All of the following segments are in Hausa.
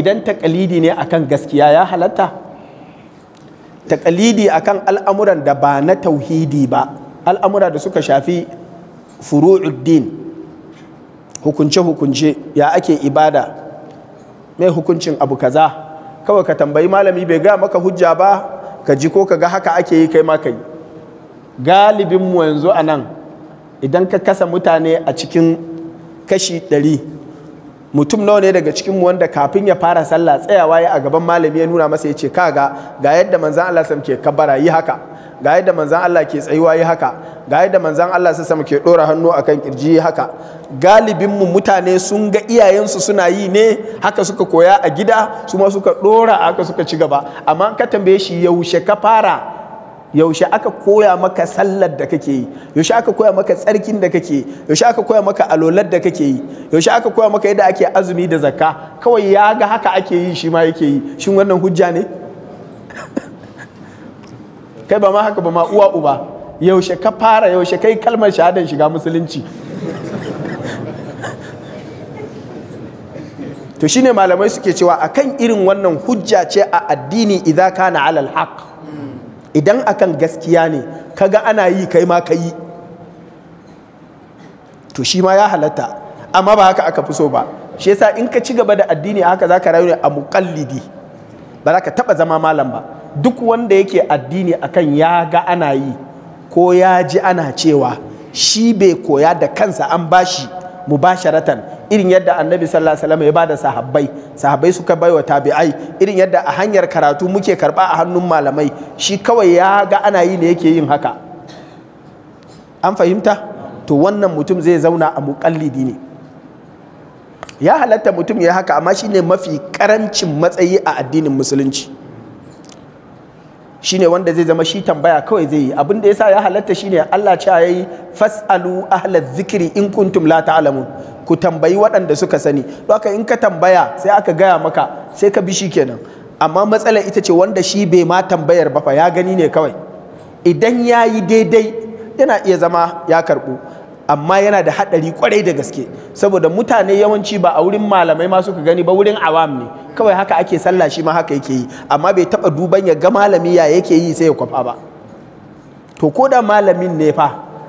idan takalidi ne akan gaskiya ya halatta takalidi akan al'amuran da ba na tauhidi ba al'amura da suka shafi furu'uddin hukunce-hukunce ya ake ibada mai hukuncin abu kaza kawai ka tambayi malami bai ga maka hujja ba ka ji ko ka ga haka ake yi kai maka yi galibinmu yanzu a nan idan ka kasa mutane a cikin kashi ɗari mutum nawa ne daga cikin mu wanda kafin ya fara sallah tsayawa ya a gaban malami ya nuna masa ya ce kaga ga yadda manzan Allah sam ke kabara yi haka ga yadda manzan Allah ke tsayuwa yi haka ga yadda manzan Allah sam ke dora hannu akan kirji yi haka galibin mu mutane sun ga iyayensu suna yi ne haka suka koya a gida su ma suka dora haka suka ci gaba amma ka tambaye shi yaushe ka fara yaushe aka koya maka sallar da kake yi yaushe aka koya maka tsarkin da kake yi yaushe aka koya maka alolar da kake yi yaushe aka koya maka yadda ake azumi da zakka kawai ya ga haka ake yi shi ma yake yi shin wannan hujja ne kai ba ma haka ba ma uwa uba yaushe ka fara yaushe kai kalmar shahadar shiga musulunci to shine malamai suke cewa akan irin wannan hujja ce a addini idan kana alal haq idan akan gaskiya ne kaga ana yi kai ma ka yi to shi ma ya halatta amma ba haka aka fi so ba shi yasa in ka ci gaba da addini haka zaka rayu a muqallidi ba za ka taba zama malam ba duk wanda yake addini akan ya ga ana yi ko ya ji ana cewa shi bai koya da kansa an ba bashi mubasharatan irin yadda annabi sallallahu alaihi wasallam ya bada sahabbai sahabbai suka bai wa tabi'ai irin yadda a hanyar karatu muke karba a hannun malamai shi kawai ya ga ana yi ne yake yin haka an fahimta to wannan mutum zai zauna a muƙallidi ne ya halatta mutum ya haka amma ne mafi karancin matsayi a addinin musulunci shine wanda zai zama shi tambaya kawai zai yi abin da sa ya halatta ne Allah ce yayi fasalu ahla zikiri in kuntum la ta'lamun ku tambayi waɗanda suka sani haka in ka tambaya sai aka gaya maka sai ka bi shi kenan amma matsalar ita ce wanda shi bai ma tambayar ba fa ya gani ne kawai idan ya yi daidai yana iya zama ya karɓu amma yana da haɗari kwarai da gaske saboda mutane yawanci ba a wurin malamai ma suka gani ba wurin awam ne kawai haka ake sallah shi ma haka yake yi amma bai taɓa duban ya ga malami ya yake yi sai ya kwafa ba to ko da malamin ne fa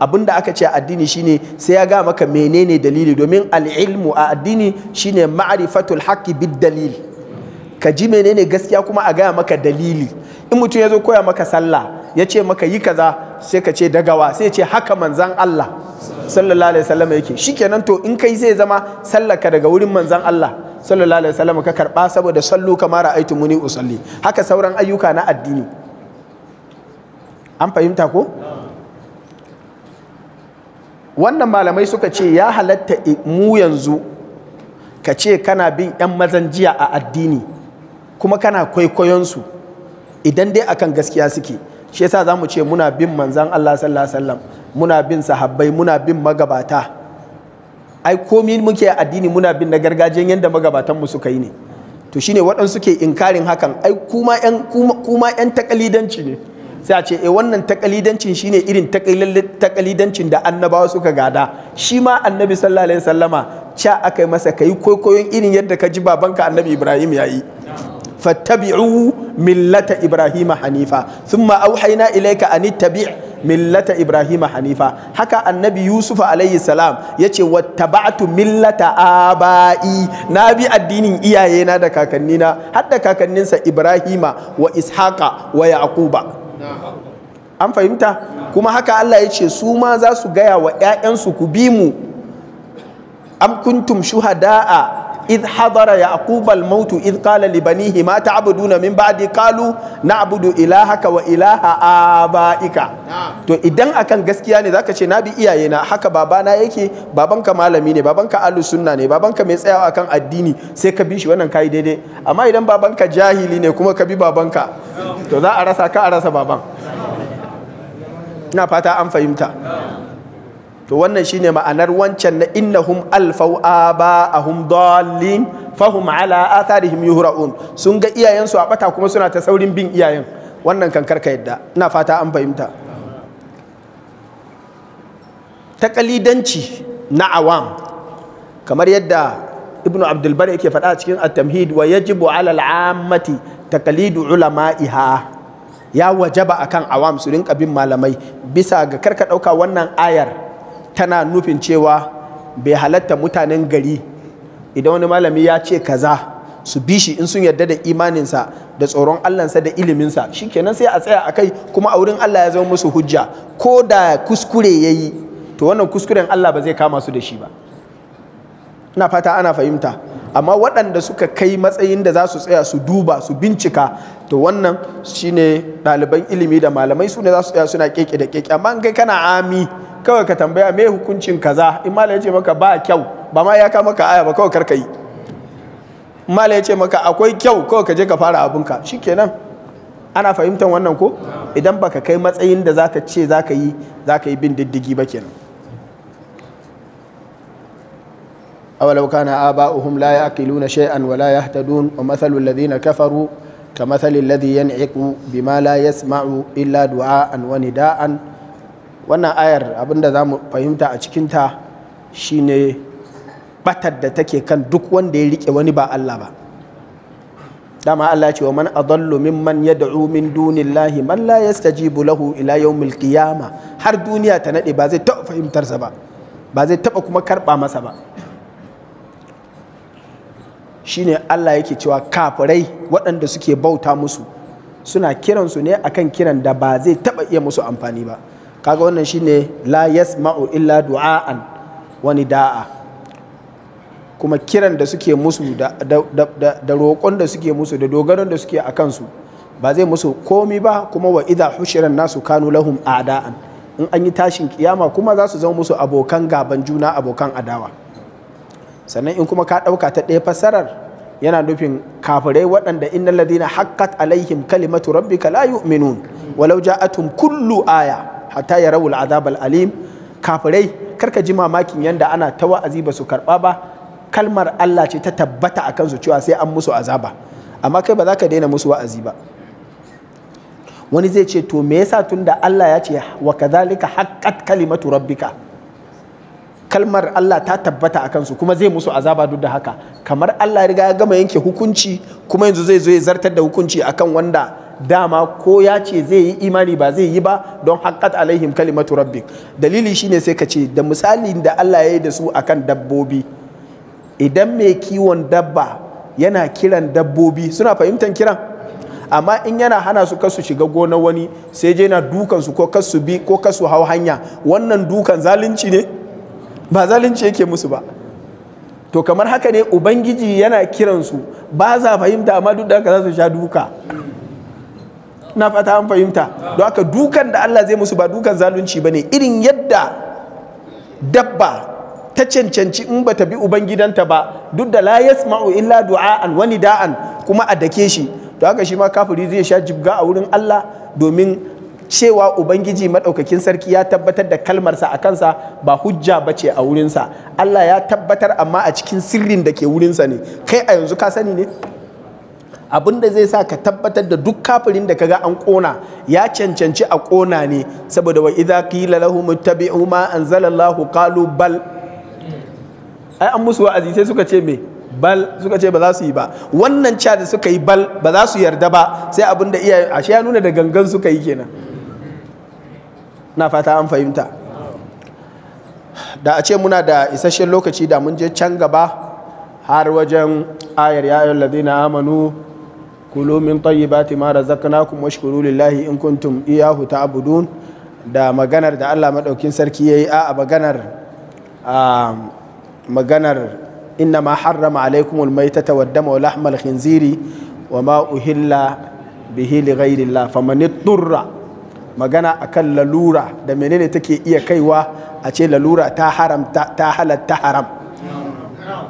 abin da aka ce addini shine sai ya ga maka menene dalili domin al'ilmu a addini shine ma'rifatul haqqi bid dalil ka ji menene gaskiya kuma a gaya maka dalili in mutum ya zo koya maka sallah ya ce maka yi kaza sai ka ce dagawa sai ya ce haka manzan Allah sallallahu alaihi wasallam yake shikenan to in kai zai zama sallaka daga wurin manzon Allah sallallahu alaihi wasallam ka karba saboda sallu kamar ra'aytu muni usalli haka sauran ayyuka na addini an fahimta ko wannan malamai suka ce ya halatta mu yanzu ka ce kana bin 'yan mazan jiya a addini kuma kana kwaikwayon su idan dai akan gaskiya suke shi yasa za ce muna bin manzan Allah sallallahu alaihi wasallam muna bin sahabbai muna bin magabata ai komi muke addini muna bin na gargajiyan yadda magabatan mu suka yi ne to shine waɗansu ke inkarin hakan ai kuma yan kuma takalidanci ne sai a ce eh wannan takalidancin shine irin takalidancin da annabawa suka gada shi ma annabi sallallahu alaihi wasallama ca aka yi masa kai kwaikwayon irin yadda ka ji babanka annabi ibrahim ya yi fattabi'u millata ibrahim hanifa thumma auhayna ilayka an tabi' millata ibrahima hanifa haka annabi yusuf alayhi salam ya ce wattaba'tu millata aba'i na bi addinin iyayena da kakannina har da kakanninsa ibrahima wa ishaqa wa yaquba an fahimta kuma haka Allah ya ce su ma za su gaya wa 'ya'yansu ku bi mu am kuntum shuhada'a idh hadara yaqub al-maut idh qala li banihi ma ta'buduna min ba'di qalu na'budu ilahaka wa ilaha abaika to idan akan gaskiya ne zaka ce na bi iyaye na haka babana yake babanka malami ne babanka ahlu sunna ne babanka mai tsayawa akan addini sai ka bi shi wannan kai daidai amma idan babanka jahili ne kuma ka bi babanka to za a rasa ka a rasa baban ina fata an fahimta to wannan shine ma'anar wancan na innahum alfau aba'ahum dallin fahum ala atharihim yuhra'un sun ga iyayensu a bata kuma suna ta saurin bin iyayen wannan kankar ka yadda ina fata an fahimta takalidanci na awam kamar yadda ibn abdul yake faɗa cikin at-tamhid wa yajibu ala al-ammati taqlidu ya wajaba akan awam su rinka bin malamai bisa ga karka ɗauka wannan ayar tana nufin cewa bai halatta mutanen gari idan wani malami ya ce kaza su bi shi in sun yarda da imaninsa da tsoron allansa da iliminsa shikenan sai a tsaya a kai kuma a wurin allah ya zama musu hujja ko da kuskure ya yi to wannan kuskuren allah ba zai kama su da shi ba ina fata ana fahimta amma waɗanda suka kai matsayin da za su tsaya su duba su bincika to wannan shine ɗaliban ilimi da malamai su ne za su tsaya suna keke da keke amma in kai kana ami kawai ka tambaya me hukuncin kaza in mala ya ce maka ba kyau ba ma ya kama ka aya ba kawai karka yi mala ya ce maka akwai kyau kawai ka je ka fara abinka shikenan ana fahimtar wannan ko idan baka kai matsayin da zaka ce zaka yi zaka yi bin diddigi ba kenan awalau kana aba'uhum la yaqiluna shay'an wa la yahtadun wa mathalu alladhina kafaru كمثل الذي ينعق بما لا illa du'a'an دعاء ونداء wannan ayar abinda za mu fahimta a cikinta shine batar da take kan duk wanda ya rike wani ba Allah ba dama Allah ce wa man adallu mimman yad'u min dunillahi man la yastajibu lahu ila yawmil qiyama har duniya ta nade ba zai taɓa fahimtarsa ba ba zai taɓa kuma karɓa masa ba shine Allah yake cewa kafirai waɗanda suke bauta musu suna kiransu ne akan kiran da ba zai taɓa iya musu amfani ba kaga wannan shine la yasma'u illa du'a'an wani da'a kuma kiran da suke musu da, roƙon da suke musu da dogaron da suke a kansu ba zai musu komi ba kuma wa idha hushiran nasu kanu lahum a'da'an in an yi tashin kiyama kuma za su zama musu abokan gaban juna abokan adawa sannan in kuma ka ɗauka ta ɗaya fassarar yana nufin kafirai waɗanda innal ladina haqqat alaihim kalimatu rabbika la yu'minun walau ja'atum kullu aya hatta ya rawul azab alim kafirai karka ji mamakin yanda ana ta wa'azi ba su karba ba kalmar Allah ce ta tabbata a kansu cewa sai an musu azaba amma kai ba za ka daina musu wa'azi ba wani zai ce to me yasa tunda Allah ya ce wa kadhalika haqqat kalimatu rabbika kalmar Allah ta tabbata a kansu kuma zai musu azaba duk da haka kamar Allah ya riga ya gama yanke hukunci kuma yanzu zai zo ya zartar da hukunci akan wanda dama ko ya ce zai yi imani ba zai yi ba don haƙƙat alaihim kalimatu rabbik dalili shine sai ka ce da misalin da Allah ya yi da su akan dabbobi idan mai kiwon dabba yana kiran dabbobi suna fahimtar kiran amma in yana hana su kasu shiga gona wani sai je na dukan su ko kasu bi ko kasu hau hanya wannan dukan zalunci ne ba zalunci yake musu ba to kamar haka ne ubangiji yana kiransu ba za fahimta amma duk da haka za su sha duka na fata an fahimta don haka dukan da Allah zai musu ba dukan zalunci ba ne irin yadda dabba ta cancanci in ba ta bi ubangidanta ba duk da la yasma'u illa du'a'an wani da'an kuma a dake shi don haka shi ma kafiri zai sha jibga a wurin Allah domin cewa ubangiji madaukakin sarki ya tabbatar da kalmarsa a kansa ba hujja ba ce a wurinsa Allah ya tabbatar amma a cikin sirrin da ke wurinsa ne kai a yanzu ka sani ne abin da zai sa ka tabbatar da duk kafirin da kaga an kona ya cancanci a kona ne saboda wa idza qila lahum ittabi'u ma anzalallahu qalu bal ai an musu wa'azi sai suka ce me bal suka ce ba za su yi ba wannan cha da suka yi bal ba za su yarda ba sai abin da iyaye ashe ya nuna da gangan suka yi kenan na fata an fahimta da a ce muna da isasshen lokaci da mun je can gaba har wajen ayar ya ayyul ladina amanu kulu min tayyibati ma razaqnakum washkuru lillahi in kuntum iyahu ta'budun da maganar da Allah madaukin sarki yayi a maganar a maganar inna ma harrama alaikumul maitata waddama wa lahmal khinziri wa ma uhilla bihi li ghairillah faman magana akan lalura da menene take iya kaiwa a ce lalura ta haram ta halatta haram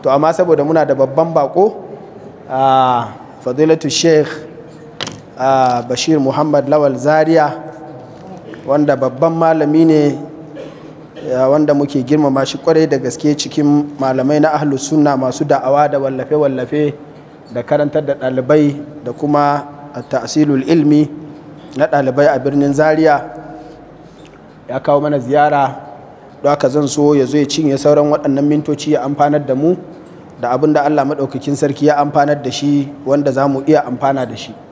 to amma saboda muna da babban bako fadilatu sheikh bashir muhammad lawal zaria wanda babban malami ne wanda muke girmama shi kwarai da gaske cikin malamai na ahlus sunna masu da'awa da wallafe-wallafe da karantar da ɗalibai da kuma ta'asilul ilmi na ɗalibai a birnin zaria ya kawo mana ziyara don zan so ya zo ya cinye sauran waɗannan mintoci ya amfanar da mu da abin da Allah maɗaukakin sarki ya amfanar da shi wanda za mu iya amfana da shi